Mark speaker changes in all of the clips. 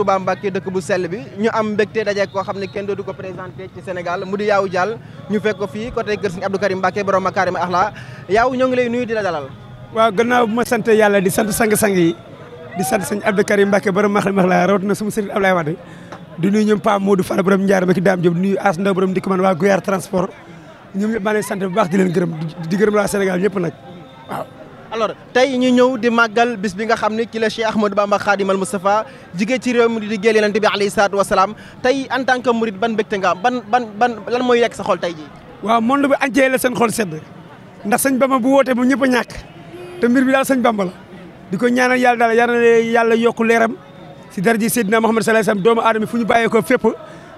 Speaker 1: Touba Mbacké dëkk bu sell bi ñu am mbégte daje koo xam ne kenn dootu ko présenté ci Sénégal mu di Yawou Dial ñu fekk ko fii côté kër Serigne Abdou Karim Mbacké
Speaker 2: borom Makarim Axla la dalal waaw gannaaw bu ma sant yàlla di sant sang-sang yi di sant Serigne Abdou Karim Mbacké borom Makarim As Ndaw borom ndikk man waa Guyar transport ñoom ñëpp maa leen sant bu baax di gërëm di gërëm waa Sénégal ñëpp nag alors tey ñu ñëw di màggal bis bi
Speaker 1: nga xam ne ci la Cheikh Ahmadou Bamba Khadimal Moustapha jigee ci réew mi di liggéeyal Yonent bi alayhi salaatu wasalaam
Speaker 2: tey en tant que murid ban mbégte nga ban ban ban lan mooy yegg sa xol tey ji waaw monde bi entier la seen xol sedd ndax sëñ Bamba bu wootee moom ñëpp a ñàkk te mbir bi daal sëñ Bamba la di ko ñaanal yàlla daal yàlla yàlla yokku leeram si daraja Seydina Muhammad sallallahu alayhi wasallam doomu aadama fu ñu bàyyee ko fépp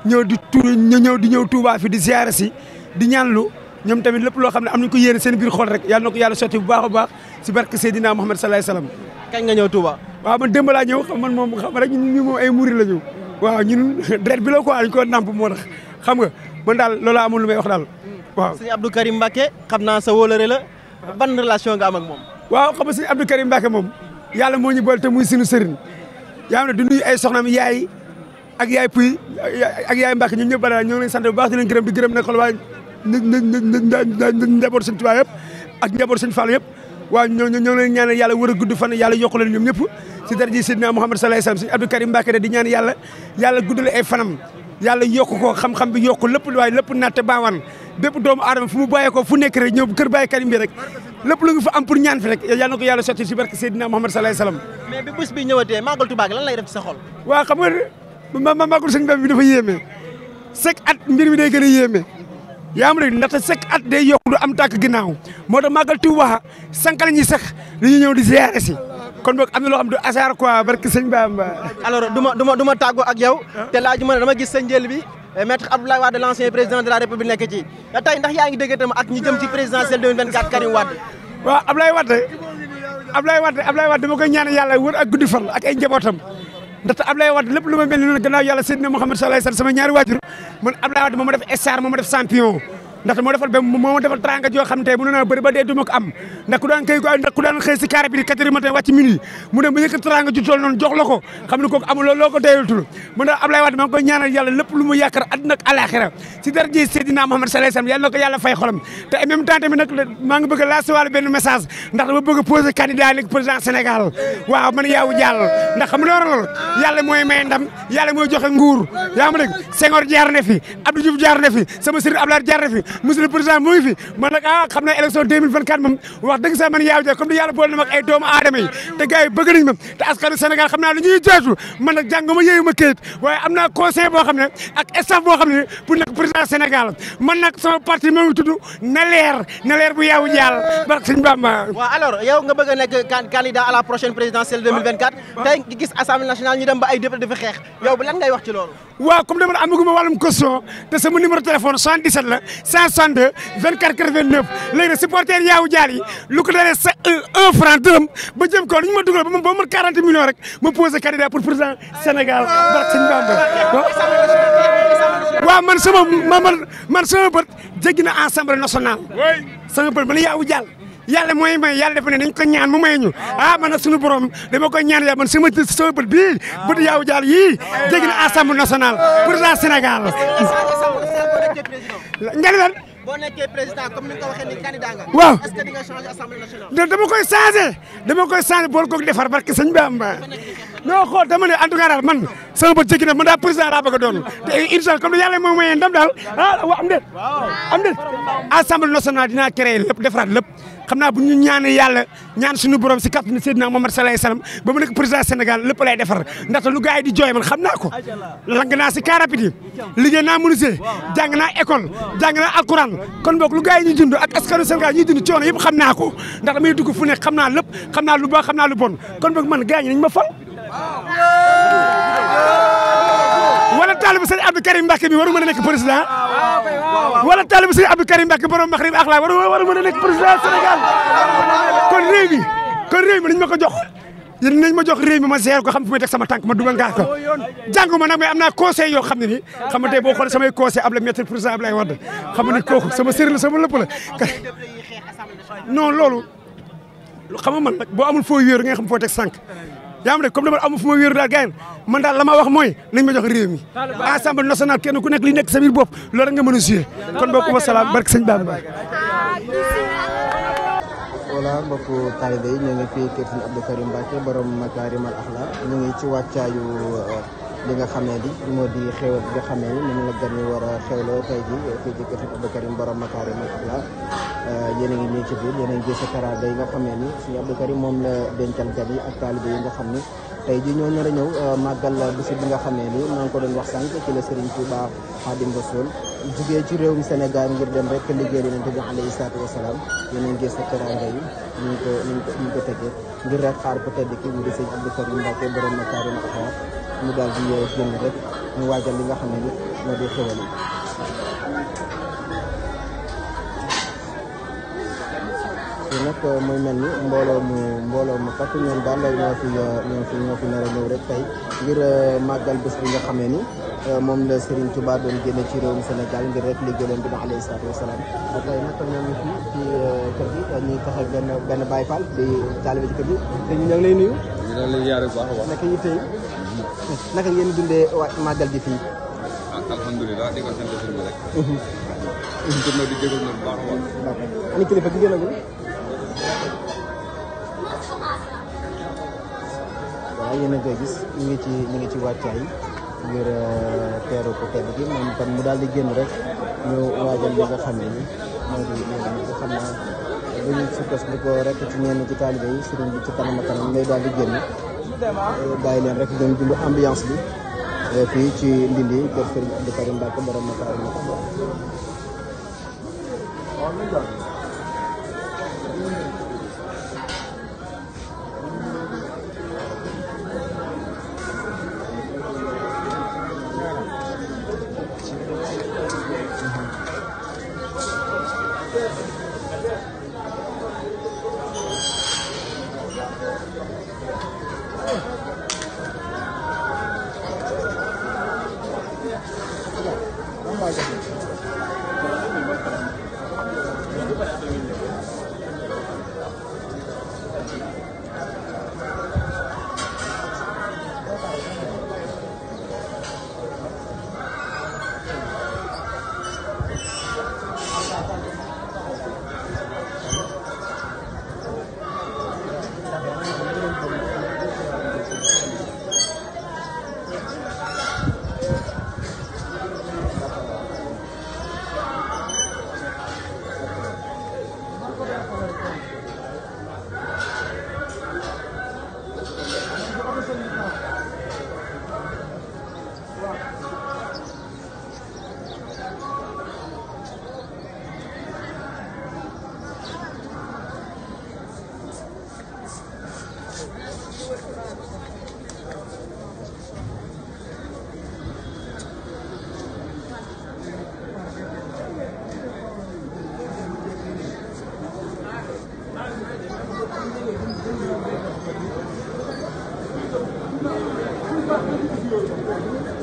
Speaker 2: ñëw di tu ñëw di ñëw Tuubaa fi di ziyaare si di ñaanlu ñoom tamit lépp loo xam ne am nañu ko yéene seen biir xol rek yàlla na ko yàlla sotti bu baax a baax si barke Seydina Muhammad sallallahu alayhi wasallam kañ nga ñëw Touba waaw man démb laa ñëw xam man moom xam rek ñun ñun moom ay muri la ñu waaw ñun deret bi la ko dañ ko nàmp moo tax xam nga man daal loolu amul lu may wax daal waaw sëñ Abdou Karim mbake xam naa sa wóolare la ban relation nga am ak moom waaw xam nga sëñ Abdou Karim Mbacké moom yàlla moo ñu boole te muy suñu sëriñ yaa ngi ne ay soxnaam yaay ak ak yaay Mbacké ñun ñëpp bala ñoo ngi leen sant bu baax di leen gërëm di gërëm njaboot sëñ Tuubaa yëpp ak njaboot sëñ Fall yëpp waa ñoo ñoo leen ñaanal yàlla wër a gudd fan yàlla yokk leen ñoom ñëpp si daraja Seydina Muhammad sallallahu alayhi wasallam sëñ Abdou Karim Mbacké di ñaan yàlla yàlla guddale ay fanam yàlla yokk ko xam-xam bi yokk lépp waaye lépp natte baawaan bépp doomu aadama fu mu bàyyee ko fu nekk rek ñëw kër Baye Karim bi rek lépp lu nga fa am pour ñaan fi rek yàlla na ko yàlla sotti si barke Seydina Muhammad sallallahu alayhi wasallam mais bi bi mi day gën a yaa ma dégg ndaxte sekk at day yokk du am tàkk ginnaaw moo tax màggal Tuuba sànq la ñuy sax dañuy ñëw di ziare si kon boog am na loo xam du asaar quoi barke sëñ Bamba. alors du ma du ma du ma tàggoo ak yow. te laaj ma ne dama gis
Speaker 1: sa njël bi. Eh, maître Abdoulaye Wade l'ancien président de la République nekk ci tey ndax yaa ngi dégg itam ak ñi jëm ci
Speaker 2: présidentielle 2024 Karim Wade. waaw Abdoulaye Wade Abdoulaye Wade Abdoulaye Wade dama koy ñaan yàlla wër ak guddi fan ak ay ndaxte Ablaye Wade lépp lu ma mel ni noonu gannaaw yàlla Seydina Mouhamed sallallahu alayhi wasallam sama waajur man Ablaye Wade moo ma def star moo ma def champion ndaxte moo defal ba moo defal tranga joo xam tey mën naa bëri ba dee du ko am ndax ku daan kay ndax ku daan xëy si carré bi quatre heures matin wàcc minuit mu ne bu njëkk tranga ju toll noonu jox la ko xam ne kooku amuloo loo ko deeyatul mu ne Ablaye Wade maa ngi koy ñaanal yàlla lu mu yaakaar àddina ak alaxira si darje Seydina Mohamed sallallahu alayhi wasallam yàlla na ko yàlla fay xolam te en même temps tamit nag maa ngi bëgg a lancé wàllu benn message ndax dama bëgg a posé candidat léegi président Sénégal mooy may ndam yàlla mooy joxe nguur yaa ma jaar na fi Abdou Diouf jaar na sama sëriñ Ablaye jaar na monsieur le président mu ngi fi nag ah xam naa élection 2024 moom wax dëgg sax man yaaw jee comme na mag ay ma te askanu Sénégal xam naa lu ñuy jooytu man nag jàng ma yëyu ma këyit waaye am naa conseil boo xam ne ak staff boo xam ne pour nekk président Sénégal man nag sama parti moo ngi na leer na leer bu yaaw jàll barke sëñ Bamba waaw alors yow nga bëgg a nekk candidat à la prochaine présidentielle 2024 sama numéro téléphone 77 la 562 24 89 léegi nag supporter Yawou ko dalee sa un ba jëm kaw ma dugal ba ma ba ma 40 millions rek ma posé candidat pour président Sénégal barak sëñ waaw man sama man man sama bët jéggi na Assemblée nationale sama bët man Yawou Dial yàlla mooy may yàlla def ne ko ñaan mu may ñu ah man nag suñu borom dama koy ñaan yàlla man sama sama bët bii bët Yawou Dial yii jéggi na Assemblée nationale président Sénégal nga ne lan.
Speaker 1: boo nekkee président waaw est-ce dama
Speaker 2: koy changer dama koy changer bool koog defar parce que sëñ bi am non xool dama ne en tout cas daal man sama bët jëkki na man daal président laa bëgg a doon te incha comme yàlla mooy moyen ndam daal ah am déet am déet assemblée nationale dinaa créer lépp defaraat lépp. xam naa bu ñu ñaanee yàlla ñaan suñu borom si kàttanu Seydina Mohamed sallallahu alayhi wasallam ba mu nekk président Sénégal lépp lay defar ndaxte lu gars yi di jooy man xam naa ko lang naa si car liggéey naa menuisier jàng naa école jàng naa alquran kon boog lu gars yi ñuy dund ak askanu Sénégal ñuy dund coono yëpp xam naa ko ndax damay dugg ku nekk xam naa lépp xam naa lu baax xam naa lu bon kon boog man gars yi nañ ma fal wala taalibu sëñ Abdou Karim Mbacke bi waru mën nekk président wala taalibu sëñ Abdou Karim Mbacke borom Maxrib ak laa war war a a nekk président Sénégal kon réew mi kon réew mi nañ ma ko jox yéen nañ ma jox réew mi ma seer ko xam fu may teg sama tànk ma dugal ngaa ko ma nag mais naa conseil yoo xam ne nii xam nga tey boo xoolee samay conseil ab la maître président Abdoulaye Wade xam nga ni kooku sama sëriñ la sama lépp la non loolu xam ma man nag boo amul foo wéeru nga xam foo teg sànq yaa ngi comme dama amu fu ma wéeru daal gars man daal lama wax mooy nañ ma jox réew mi assemblée nationale kenn ku nekk li nekk sa bopp loolu nga mën a joué kon bokku ma salaam barke sëñ Bamba voilà mbokku taalibe
Speaker 1: li nga xamee di moo di xew bi nga xamee ni moom la gan yi war a xewloo tey ji fii ci kër Abdou Karim borom Makarimal Axlaaq euh, yéen a ngi nii ci biir yeneen a ngi gis teraanga yi nga xamee ni suñu Abdou Karim moom la dencal gan yi ak taalibe nga xam ni tey ji ñoo nar a ñëw euh, bu si bi nga xam ne ni maa ngi ko doon wax sànq ci la Serigne Touba Xaadim Rasuul jugee ci réew réewum Sénégal ngir dem rek liggéey Yonent bi alayhi salaatu wa salaam yéen a ngi gis teraanga yi ñu ngi ko ñu ngi ko tegee ngir rek xaar peut-être ki mu di Serigne Abdou ñu daal di génn rek ñu waajal li nga xam ne ni moo di xewal yi nag euh, muy mel ni mbooloo mu mbooloo mu fàtt ñoom daal ñoo fi euh, ñoo fi ñoo fi nar a ñëw rek tey ngir euh, màggal bés bi nga xam ne ni moom la Serigne Touba doon génne ci réewum Sénégal ngir rek liggéeyam bi alayhi salaatu wa salaam tey nag ñoo ngi fii ci kër gi dañuy taxe benn benn Baye Fall di taalibe ci kër gi te ñu ñoo ngi lay nuyu.
Speaker 2: ñu ngi lay ziar bu baax a baax.
Speaker 1: naka ngeen dundee ma màggal gi fii.
Speaker 2: ah alhamdulilah di ko sant sëñ na mhm. bu baax a baax. d'accord
Speaker 1: ani kilifa gi ngi ci ñu ngi ci wàccaay ngir euh, teeru ko tedd gi moom tam mu daal di génn rek ñu waajal li nga xam ne nii moo di moo di xam naa bu ñu sukkandiku rek ci ñenn ci taalibe yi sëriñ bi ci kanam a kanam daal di génn. bàyyi leen rek dem dund ambiance bi fii ci Ndindi kër Serigne Abdou Karim Mbacke borom Makar ma Thank you. Thank you.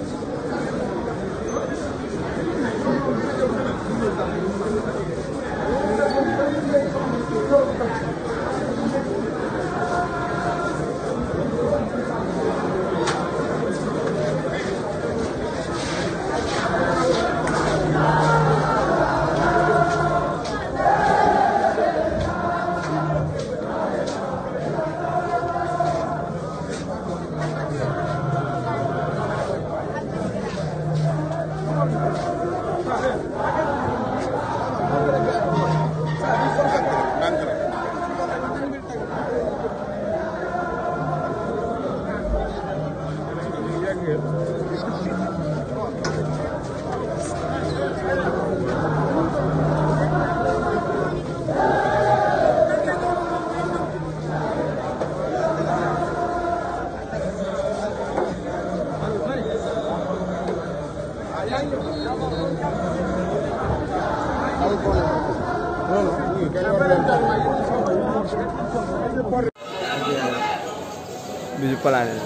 Speaker 1: planète